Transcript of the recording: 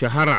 Shahara.